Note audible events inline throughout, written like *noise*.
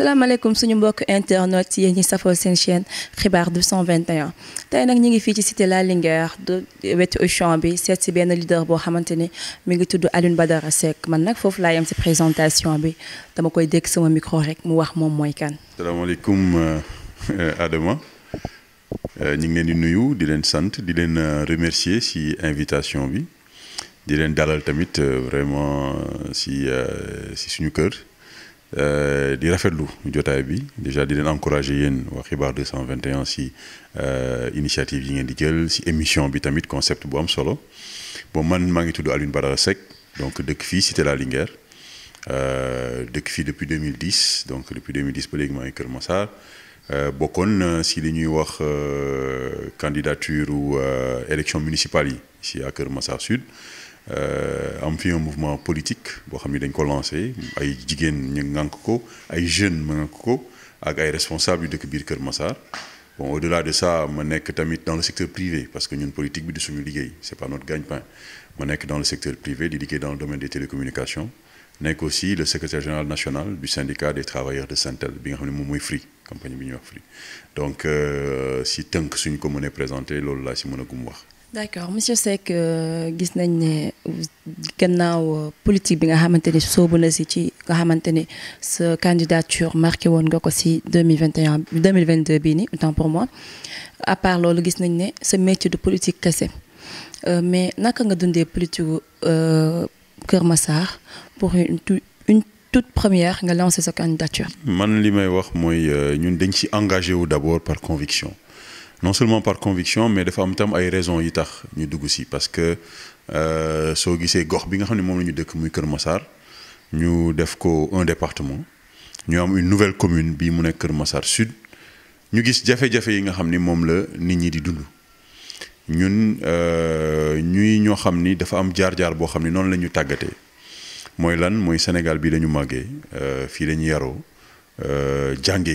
alaikum, suñu mbokk internet ñi safo seen chaîne 221 Tay nak ñi ngi fi ci cité La Linguère de wetu Auchan bi de leader mi ngi Badara Seck man la présentation bi dama koy dégg sama micro rek mu wax kan. Euh, euh, Adama euh, ngi di nuyu di remercier si invitation bi di leen dalal vraiment si si euh, di rafetlu jotaay bi déjà di leen encourager yéen waa Xibaar 221 si euh, initiative yi ngeen di jël si émission bi tamit concept bu am solo bon man maa ngi tudd Alioune Badara sec donc dëkk fii cité la Linguère euh, dëkk fii depuis 2010 donc depuis 2010 ba léegi maa ngi Kër Massar bokkoon si li ñuy wax candidature ou élection municipale yi si à Kër Massar Sud. Euh, am fait un mouvement politique qui xamni dañ ko lancé ay jigen ñu ko ay jeunes ma ak ay responsables du dëkk biir Kër Massar bon au delà de ça ma nekk tamit dans le secteur privé parce que ñun politique bi du suñu liggéey c'est pas notre gagne-pain ma nekk dans le secteur privé dédié dans le domaine des télécommunications est aussi le secrétaire général national du syndicat des travailleurs de saint bi nga xamni moy bi donc euh, si tant que ko mënee présenter loolu la si mëna gum d'accord monsieur Seck euh, gis nañ ne gannaaw euh, politique bi nga xamante ne soobu na si ci nga xamante ne sa candidature marqué woon nga ko si 2021 2022 bii autant pour moi à part loolu gis nañ ne sa métier de politique kese euh, mais naka nga dundee politique gu Kër Massar pour une toute première nga lancé sa candidature. man li may wax mooy ñun dañ ci engagé wu d'abord par conviction non seulement par conviction mais de am tam ay raisons raison ñu parce que euh, soo gisee gox bi nga des choses, un département nous avons une nouvelle commune qui mu nekk Sud nous gis des choses yi nga xam Nous avons la nit ñi di dund ñun euh, ñuy ño xamni dafa am jaar-jaar nous xamni non lañu la moy lan moy Sénégal bi nous avons euh fi euh, nous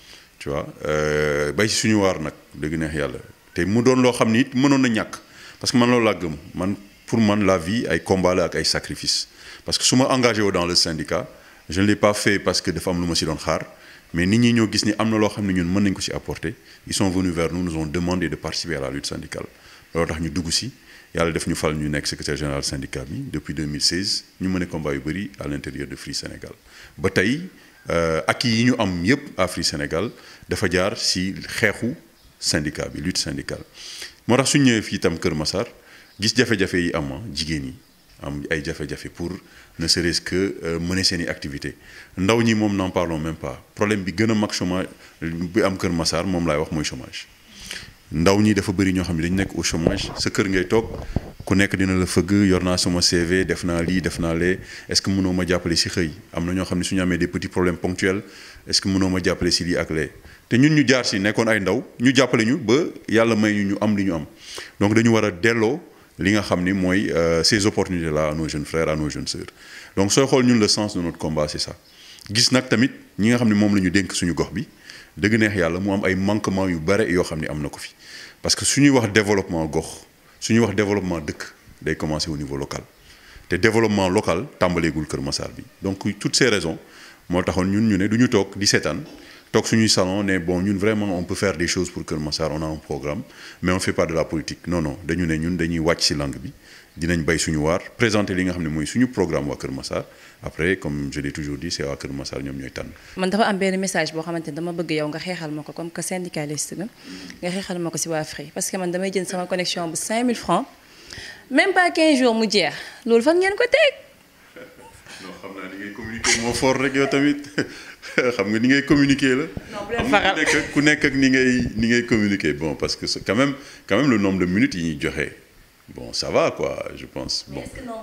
tu vois euh, bay si suñu war nak deug neex yalla te mu doon lo xamni it parce que man lo la gëm man pour man la vie ay combat la ak ay sacrifice parce que suma engagé dans le syndicat je ne l'ai pas fait parce que dafa am lu ma si doon xaar mais nit ñi ñoo gis ni amna lo xamni ñun mën nañ ko ci apporter ils sont venus vers nous nous ont demandé de participer à la lutte syndicale Alors tax ñu dugg ci yalla def ñu fal ñu secrétaire général syndicat bi depuis 2016 ñu mën combat yu bari à l'intérieur de Free Sénégal ba tay euh, ak yi ñu am yépp Afri Sénégal dafa jaar si xeexu syndicat bi lutte syndicale moo tax suñ ñëwee fii tam Kër Massar gis jafe-jafe yi am ah, jigéen yi am ay jafe-jafe pour ne serait-ce que euh, mener seen i activité ndaw ñi moom n'en parlons même pas problème bi gën a mag chômage bi am Kër Massar moom lay wax mooy chômage ndaw ñi dafa bëri ñoo xam ne dañu nekk au chômage sa kër ngay toog ku nekk dina la fëgg yor naa sama CV def naa lii def naa lee est-ce que mënoo ma jàppale si xëy am na ñoo xam ne suñu amee des petits problèmes ponctuels est-ce que mënoo ma jàppale si lii ak lee te ñun ñu jaar si nekkoon ay ndaw ñu jàppale ñu ba yàlla may ñu ñu am li ñu am donc dañu war a delloo li nga xam ni mooy euh, ces opportunités là à nos jeunes frères à nos jeunes sœurs donc sooy xool ñun le sens de notre combat c'est ça gis nag tamit ñi nga xam ne moom la ñu dénk suñu gox bi deug neex yalla mu am ay manquement yu bare yo xamni ne am fi parce que suñu wax développement gox suñu wax développement deuk day commencer au niveau local té développement local tàmbaleegul keur Massar bi donc toutes ces raisons mo taxone ñun ñu né duñu tok di sétane tok suñu salon né bon ñun vraiment on peut faire des choses pour keur Massar on a un programme mais on fait pas de la politique non non dañu né ñun dañuy wacc ci langue bi dinañ bay suñu war présenter li nga xam moy suñu programme wa keur Massar après comme je l'ai toujours dit c'est wa keur Massar ñom ñoy tan man dafa am benn message bo xamante dama bëgg yow nga xéxal mako comme que syndicaliste nga nga xeexal ma ko Free parce que man damay jënd sama connexion bu 5000 francs même pas 15 jours mu jeex lool fa ngeen ko teg. *laughs* non xamna ni ngay communiquer mo fort rek yow tamit *laughs* xam nga ni ngay communiquer la. non ku nekk ak ni ngay ni ngay communiquer bon parce que quand même quand même le nombre de minutes yi ñi joxé bon ça va quoi je pense bon bah,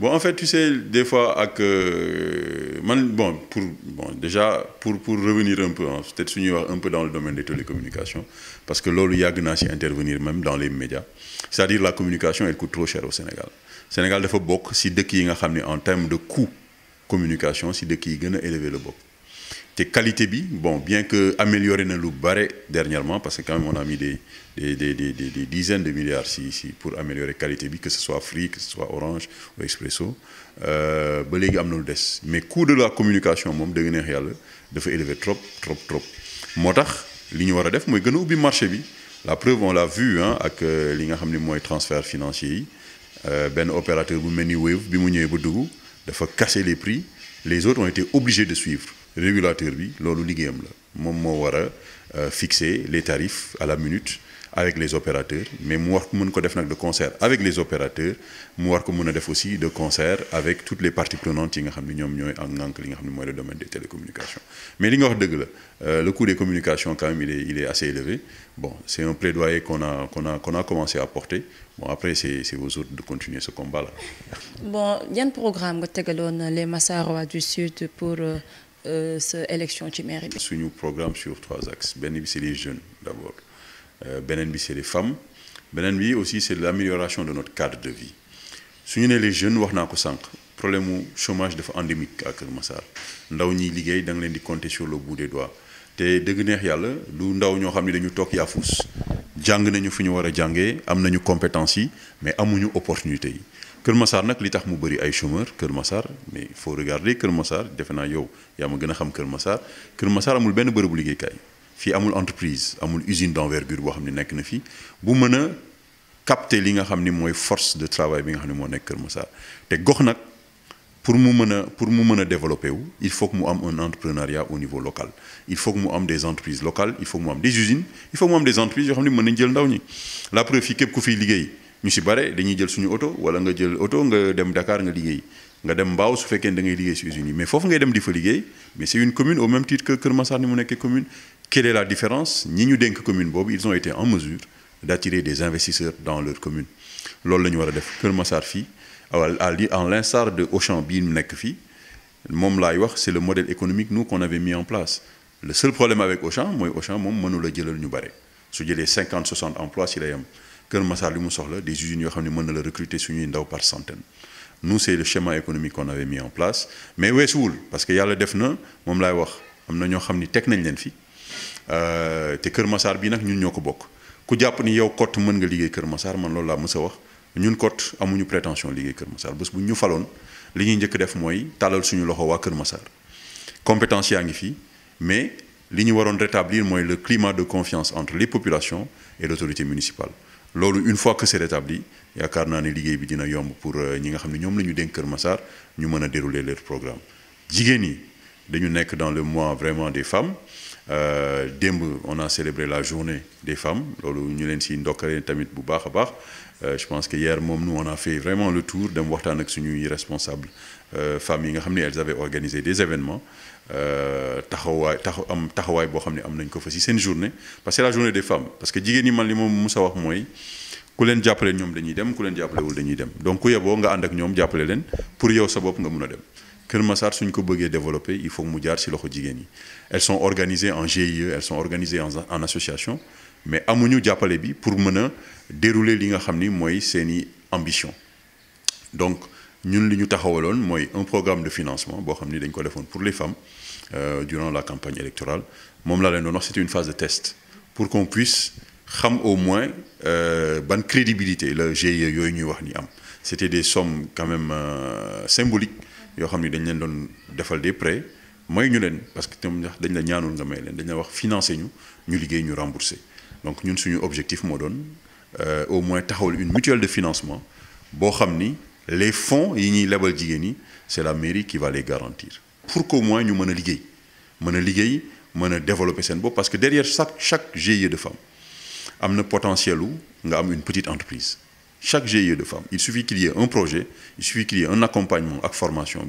bon en fait tu sais des fois euh, bon pour bon déjà pour pour revenir un peu hein, peut-être su un peu dans le domaine des télécommunications parce que l'OLU yàgg naa à intervenir même dans les médias c'est-à-dire la communication elle coûte trop cher au Sénégal Sénégal faut beaucoup si de yi nga amené en termes de coût communication si de qui est élevé le te qualité bi bon bien que amélioré na lu bare dernièrement parce que quand même on a mis des des des des des dizaines de milliards si si pour améliorer qualité bi que ce soit Free que ce soit Orange ou Expresso euh, ba léegi am lu mais coût de la communication moom dëgg neex yàlla dafa élevé trop trop trop moo tax li ñu war def marché bi la preuve on l'a vu hein ak euh, li nga xam ne transfert financier ben benn opérateur bu Wave bi mu ñëwee ba dugg casser les prix les autres ont été obligés de suivre régulateur bi lolu liggéeyam la mom mo euh, fixer les tarifs à la minute avec les opérateurs mais mu war ko def de concert avec les opérateurs mu war ko meuna def aussi de concert avec toutes les parties prenantes yi nga xamni ñom ñoy ñooy ngànk li nga le domaine des télécommunications mais li nga wax la euh, le coût des communications quand même il est assez élevé bon c'est un plaidoyer qu'on a qu'on a qu'on a commencé à porter bon après c'est c'est aux autres de continuer ce combat là. bon un programme nga tegaloon les Massarois du Sud pour. Euh, sa euh, élection ci mairie bi. suñu programme sur trois axes benn bi c'est les jeunes d'abord euh, beneen bi c'est les femmes beneen bi aussi c'est l'amélioration de notre cadre de vie suñu nee les jeunes wax naa ko problème mu chômage dafa endémique à Kermassar. Massar ndaw ñiy liggéey da nga leen di compter sur le bout des doigts Té dëgg neex yàlla du ndaw ñoo xam ne dañu toog yaafus jàng nañu fu ñu war a jàngee mais amuñu opportunité yi. Kër Massar nak li tax mu bëri ay chômeurs Kër Massar mais faut regarder Kër Massar defena yow yaa ma gën xam Kër Massar Kër Massar amul benn liggéey kay fi amul entreprise amul usine d'envergure bo xamni nek na fi bu mëna a capter li nga xamni moy force de travail bi nga xamni mo nek nekk Kër Massar té gox nak pour mu mëna pour mu mëna développer wu il faut que mu am un entrepreneuriat au niveau local il faut que mu am des entreprises locales il faut que mu am des usines il faut que mu am des entreprises yo xamni ne jël ndaw ñi la preuve fi képp ku fi liggéey ñu ci bare dañuy jël suñu auto wala nga jël auto nga dem Dakar nga liggéey nga dem Mbao su fekkee da ngay liggéey si usines yi mais foofu ngay dem di fa liggéey mais c'est une commune au même titre que Kër Massar ni mu commune quelle est la différence ñi ñu dénk commune boobu ils ont été en mesure d'attirer des investisseurs dans leur commune loolu la ñu war a def Kër Massar fii à en l'instar de Auchan bii mu nekk fii moom laay wax c'est le modèle économique nous qu'on avait mis en place le seul problème avec Auchan mooy Auchan moom la jëlal ñu bare su jëlee 50 60 emplois si la Kër Massar li mu soxla des jeunes yoo xam ne mën na la recruter suñuy ndaw par centaine nous c'est le schéma économique qu'on avait mis en place mais weesuwul parce que yàlla def na moom laay wax am na ñoo xam ni teg nañ leen fi euh, te Kër Massar bi nag ñun ñoo bok. bokk ku jàpp ni yow kott mën nga liggéey Kër Massar man loolu l'a mës a wax ñun kott amuñu prétention liggéey Kër Massar bés bu ñu faloon li ñuy njëkk def mooy tàllal suñu loxo waa Kër Massar compétence yaa ngi fi mais li ñu waroon rétablir moy le climat de confiance entre les populations et l'autorité municipale loolu une fois que c'est rétabli yaakaar naa ne liggéey bi dina yomb pour euh, ñi nga xam ne ñoom la ñu dénk Kër Massar ñu mën a dérouler leur programme jigéen yi dañu nekk dans le mois vraiment des femmes euh, démb on a célébré la journée des femmes loolu ñu leen si ndokkale tamit bu baax a baax euh, je pense que hier moom nous on a fait vraiment le tour d'un waxtaan ak suñuy responsable euh, femmes yi nga elles avaient organisé des événements Tahawai, euh, tax am taxawaay boo xam ne am nañ ko fa si journée parce que c'est la journée des femmes parce que jigéen ñi man li moom musa wax mooy ku leen jàppale ñoom dañuy dem ku leen jàppalewul dañuy dem donc ku yeboo nga ànd ak ñoom jàppale leen pour yow sa bopp nga mun a dem Kër Massar suñ ko bëggee développer il faut mu jaar si loxo elles sont organisées en GIE elles sont organisées en en association mais amuñu jappalé bi pour mën dérouler li nga xamni moy mooy seeni ambition donc ñun li ñu taxawalon moy un programme de financement bo xamni dañ ko defoon pour les femmes euh, durant la campagne électorale mom la leen c'était une phase de test pour qu'on puisse xam au moins euh, ban crédibilité le GIE yoy ñuy wax ni am c'était des sommes quand même euh, symboliques yo xamni dañ leen don defal des prêts moy ñu leen parce que tam dañ la ñaanul nga may leen dañ la wax financer ñu ñu liggéey ñu rembourser donc nous suñu objectif euh, au moins une mutuelle de financement les fonds c'est la mairie qui va les garantir pour qu'au moins nous Nous développer parce que derrière chaque GIE de femme a potentiel il y une petite entreprise chaque GIE de femme il suffit qu'il y ait un projet il suffit qu'il y ait un accompagnement ak formation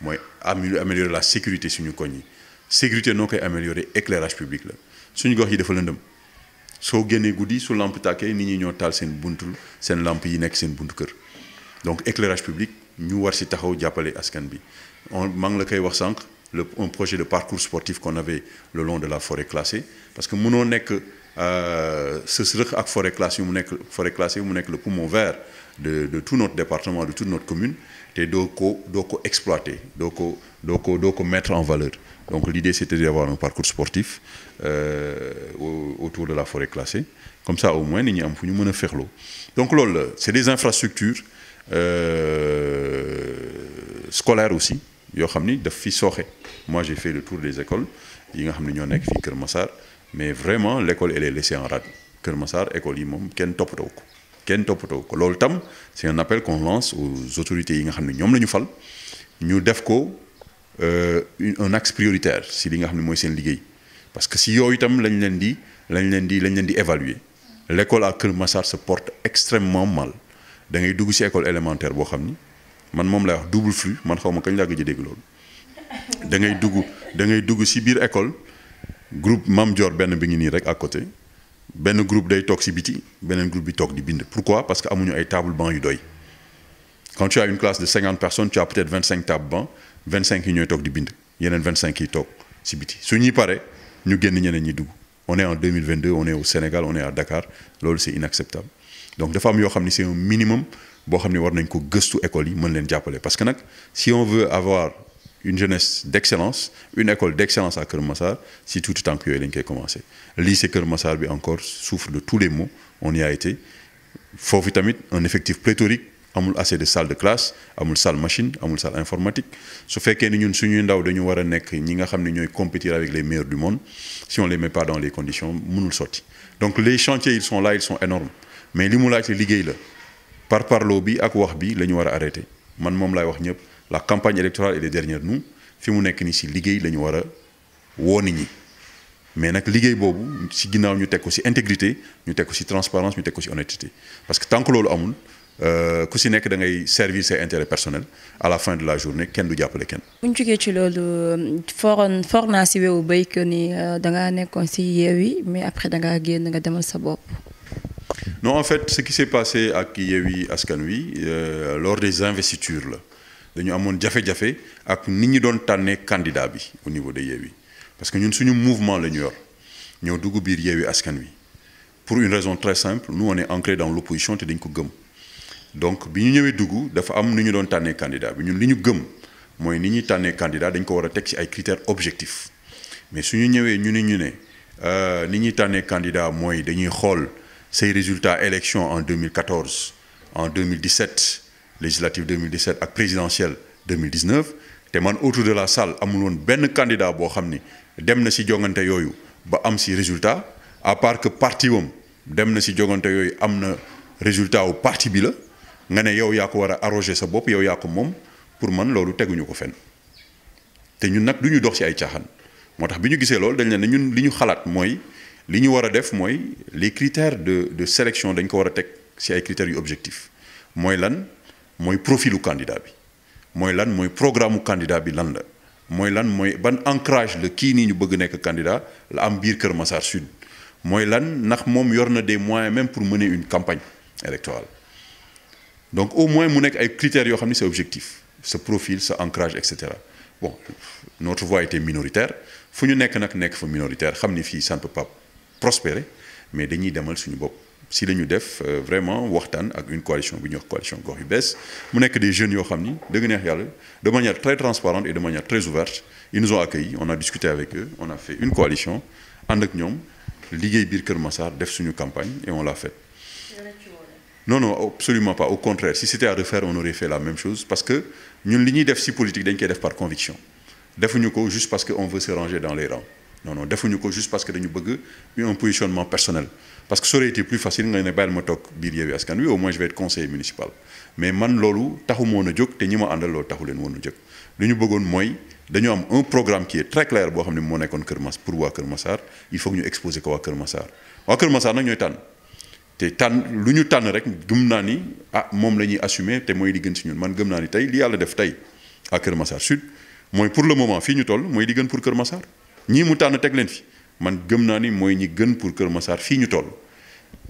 mooy améliorer la sécurité sur nous La sécurité non, koy améliorer éclairage public C'est nous gox yi dafa lëndëm soo goudi guddi su lamp ni nit ñi ñoo taal seen buntul seen lamp yi nekk seen buntu kër donc éclairage public ñu war si taxaw jàppale askan bi on maa ngi la koy wax sànq le un projet de parcours sportif qu'on avait le long de la forêt classée parce que nous nekk ce euh, serait ak forêt classée mu forêt classée mu nekk le poumon vert de de tout notre département de toute notre commune et d'exploiter, exploiter mettre en valeur donc l'idée c'était d'avoir un parcours sportif euh, autour de la forêt classée comme ça au moins on ñi am fu donc c'est des infrastructures euh, scolaires aussi moi j'ai fait le tour des écoles mais vraiment l'école elle est laissée en rade l'école, école yi top de kenn toppatoo ko loolu tam c' est un appel qu'on lance aux autorités yi nga xam ne ñoom la ñu fal ñu def ko euh, un axe prioritaire si li nga xam ne mooy seen liggéey parce que si yooyu itam lañ leen di lañ leen di lañ leen di évaluer l' école à Kër Massar se porte extrêmement mal da ngay dugg si école élémentaire boo xam ni man moom lay wax double flux man xaw ma kañ laa gëj a dégg loolu da ngay dugg da ngay dugg si biir école groupe Mame Dior benn bi ngi nii rek à côté ben groupe day tok ci biti groupe bi tok di bind pourquoi parce que amuñu ay table banc yu doy quand tu as une classe de 50 personnes tu as peut-être vingt cinq table banc vingt cinq yi ñooy toog di bind yenen vingt cinq yi toog si biti su paré ñu génn ñeneen ñi dugg on est en 2022 on est au Sénégal on est à Dakar loolu c'est inacceptable donc dafa am yo xamni c'est un minimum bo xamni war nañ ko gëstu école yi mën leen jappalé parce que nak si on veut avoir une jeunesse d'excellence une école d'excellence à si Massar si le temps que lañ a commencé lycée Kermassar, Massar encore souffre de tous les maux on y a été Faux tamit un effectif pléthorique amul assez de salles de classe amul salle machine amul salle informatique su fait ni ñun suñuy ndaw dañu ñi nga compétir avec les meilleurs du monde si on ne les met pas dans les conditions mënul pas. donc les chantiers ils sont là ils sont énormes mais li qui laaj là, la par parloo bi ak wax bi la ñu war man je wax la campagne électorale est les dernières nous fi mu nek ni ci liguey lañu wara war nit ñi mais nak liguey bobu ci ginnaaw ñu teg ko si intégrité ñu teg ko transparence ñu teg ko honnêteté parce que tant que lolu amul euh, ku ci nek da ngay servir ses intérêts personnels à la fin de la journée kenn du jàppale kenn. bu ñu ci lolu foron forna ci si wewu béy que ni euh, da ngaa nekkoon ci yewi mais après da nga genn nga demal sa bop non en fait ce qui s'est passé à ak à Askan euh, lors des investitures là dañu déjà fait jafé ak nit ñi doon tanné candidat bi au niveau de Yewwi parce que ñun suñu mouvement la ñu yor ñeu duggu biir Yewwi Askan Wi pour une raison très simple nous on est ancré dans l'opposition té dañ ko gëm donc biñu ñëwé duggu dafa am ni ñu doon tanné candidat bi ñun li ñu gëm moy ni ñi tanné candidat dañ ko a ci ay critères objectifs mais suñu ñëwé ñu ni ñu euh ni ñi tanné candidat moy dañuy xol ces résultats élection en 2014 en 2017 législative 2017 et présidentielle 2019 te man autour de la salle amul ben candidat bo xamni dem na si jongante yoyu ba am ci résultat à part que parti wam dem na si jongante yoyu amna résultat au parti bi la nga ne yow ya ko wara a arroger sa bop yow ya ko mom pour man lolu teguñu ko fenn te ñun nak duñu dox ci ay tiaxan motax biñu gisé ñu dañ leen ñun liñu xalat moy liñu wara def moy les critères de de sélection dañ ko wara a ci ay critères yu objectif mooy lan. Mon profilu candidat bi moy lan moy programme candidat bi lan la moy lan moy ban ancrage le ki ni ñu bëgg candidat la am biir Kër Massar Sud moy lan nax mom des moyens même pour mener une campagne électorale donc au moins mu nek ay critères yo xamni c'est objectif ce profil ce ancrage etc. bon notre voix était minoritaire fu ñu sommes nak minoritaire xamni fi ça ne peut pas prospérer mais dañuy demal suñu bop si les def euh, vraiment waxtaan ak une coalition bu ñuy coalition gox yu mu nekk des jeunes yoo xam ni de manière très transparente et de manière très ouverte ils nous ont accueillis on a discuté avec eux on a fait une coalition ànd ak ñoom liggéey biir def suñu campagne et on l'a fait non non absolument pas au contraire si c'était à refaire on aurait fait la même chose parce que ñun li ñuy def si politique dañ koy def par conviction defuñu ko juste parce que on veut se ranger dans les rangs non non defuñu ko juste parce que dañu bëgg un positionnement personnel parce que ça aurait été plus facile nga ne bàyyil ma toog biir Yewwi Askan Wi au moins je vais être conseiller municipal mais man lolu taxu mo na jog te ñima andal lo taxu len wonu jog liñu bëggoon dañu am un programme qui est très clair bo xamni mo moo Kër pour wa Kër Massar il faut que ñu exposer ko wa Kër Massar Wa Kër Massar nak ñoy tan té tan luñu tan rek gëm na ni ah mom lañuy assumer té moy li gën ci ñun man gëm na ni tay li yalla def tay à Kër Massar Sud moy pour le moment fi ñu toll moy li gën pour Kër Massar ñii mu tànn teg leen fi man gëm naa ni mooy ñi gën pour Kër Massar fii ñu toll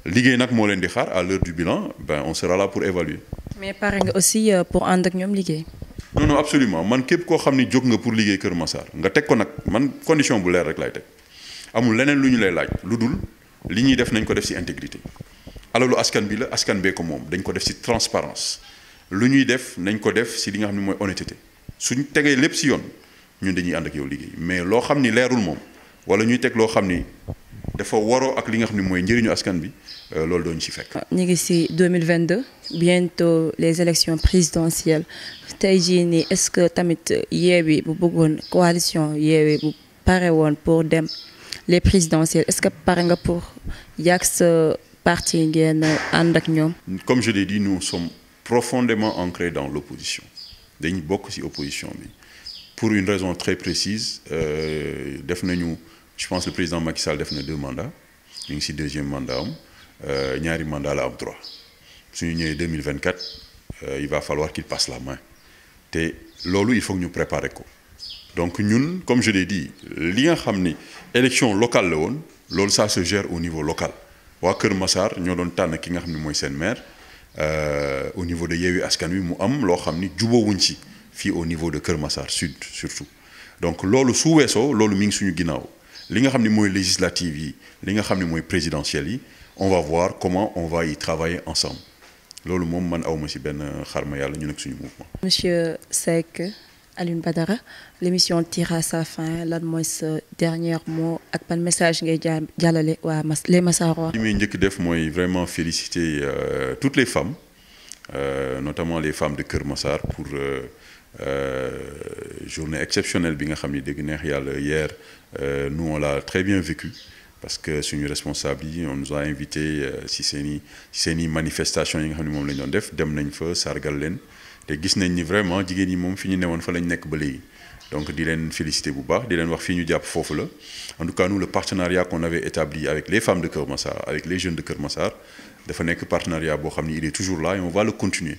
liggéey nag moo leen di xaar à l'heure du bilan ben on sera là pour évaluer. mais pare nga aussi euh, pour ànd ak ñoom liggéey. non non absolument man képp koo xam ni jóg nga pour liggéey Kër Massar nga teg ko nag man condition bu leer rek lay teg amul leneen lu ñu lay laaj lu dul li ñuy def nañ ko def ci intégrité alalu askan bi la askan bee ko moom dañ ko def ci transparence lu ñuy def nañ ko def ci li nga xam ne mooy honnêteté suñ tegee lépp ci yoon ñun dañuy ànd ak yow liggéey mais loo xam ni leerul moom wala ñuy teg loo xam ni dafa waroo ak li nga xam ne mooy njëriñu askan bi euh, loolu dooñu ci fekk. ñu ngi ci 2022 bientôt les élections présidentielles tey jii nii est-ce que tamit Yewwi bu bëggoon coalition Yewwi bu pare woon pour dem les présidentielles est-ce que pare nga pour yàgg sa parti ngeen ànd ak ñoom. comme je l'ai dit nous sommes profondément ancrés dans l'opposition dañu bokk ci opposition bi pour une raison très précise euh, je pense que le président Macky Sall a fait deux mandats ñu ci deuxième mandat a euh, ñaari mandat droit. Si trois suñu en 2024 il va falloir qu'il passe la main te lolo, il faut que nous préparer donc nous, comme je l'ai dit l'élection locale ça se gère au niveau local waa Kër Massar ñoo doon tànn ki nga xam ni maire euh, au niveau de Yewwi mu am au niveau de Kermassar, sud surtout donc lolu mi ngi suñu li nga législative yi li nga on va voir comment on va y travailler ensemble man awma ci ben xarma ñu mouvement. monsieur sec Aline Badara l'émission tire à sa fin lan dernière mot message les vraiment féliciter euh, toutes les femmes euh, notamment les femmes de Kermassar, pour. Euh, euh, journée exceptionnelle bi nga neex hier euh, nous on l'a très bien vécu parce que c'est une responsabilité on nous a invité euh, si c'est i manifestation yi nga xam une moom la ñu doon def dem nañ fa sargal leen te gis nañ ni vraiment jigéen yi moom fi ñu fa lañ nekk ba donc di leen féliciter bu baax di leen wax fii ñu la en tout cas nous le partenariat qu'on avait établi avec les femmes de Keur avec les jeunes de Keur Massar partenariat il est toujours là et on va le continuer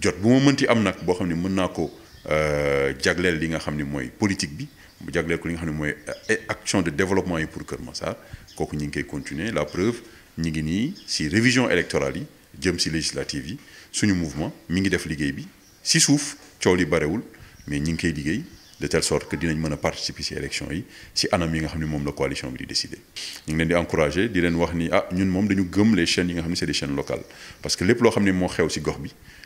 jot bu ma mënti am nag boo xam ne mën naa ko euh, jagleel li nga xam ne mooy politique bi mu jagleel ko li nga xam ne mooy euh, action de développement yi pour Kër Massar kooku ñu ngi koy continuer la preuve ñu ngi nii si révision électorale yi jëm si législative yi suñu mouvement mi ngi def liggéey bi si suuf coow li barewul mais ñu ngi koy liggéey de telle sorte que dinañ mën a participer si élection yi si anam yi nga xam ne moom la coalition bi di décider ñu ngi leen di encourager di leen wax ni ah ñun moom dañu gëm les chaînes yi nga xam ne c'est des chaînes locales parce que lépp loo xam ne moo xew si gox bi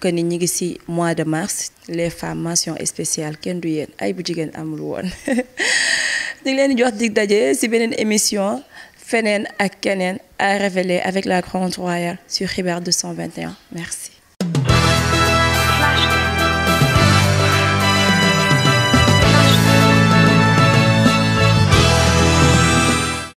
que ni ngi ci mois de mars les femmes mention spéciale kenn du yéen ay bu jigéen amul won *laughs* ñu leen dig daje ci benen émission fenen ak kenen à révéler avec la grande royale sur Hubert 221 merci.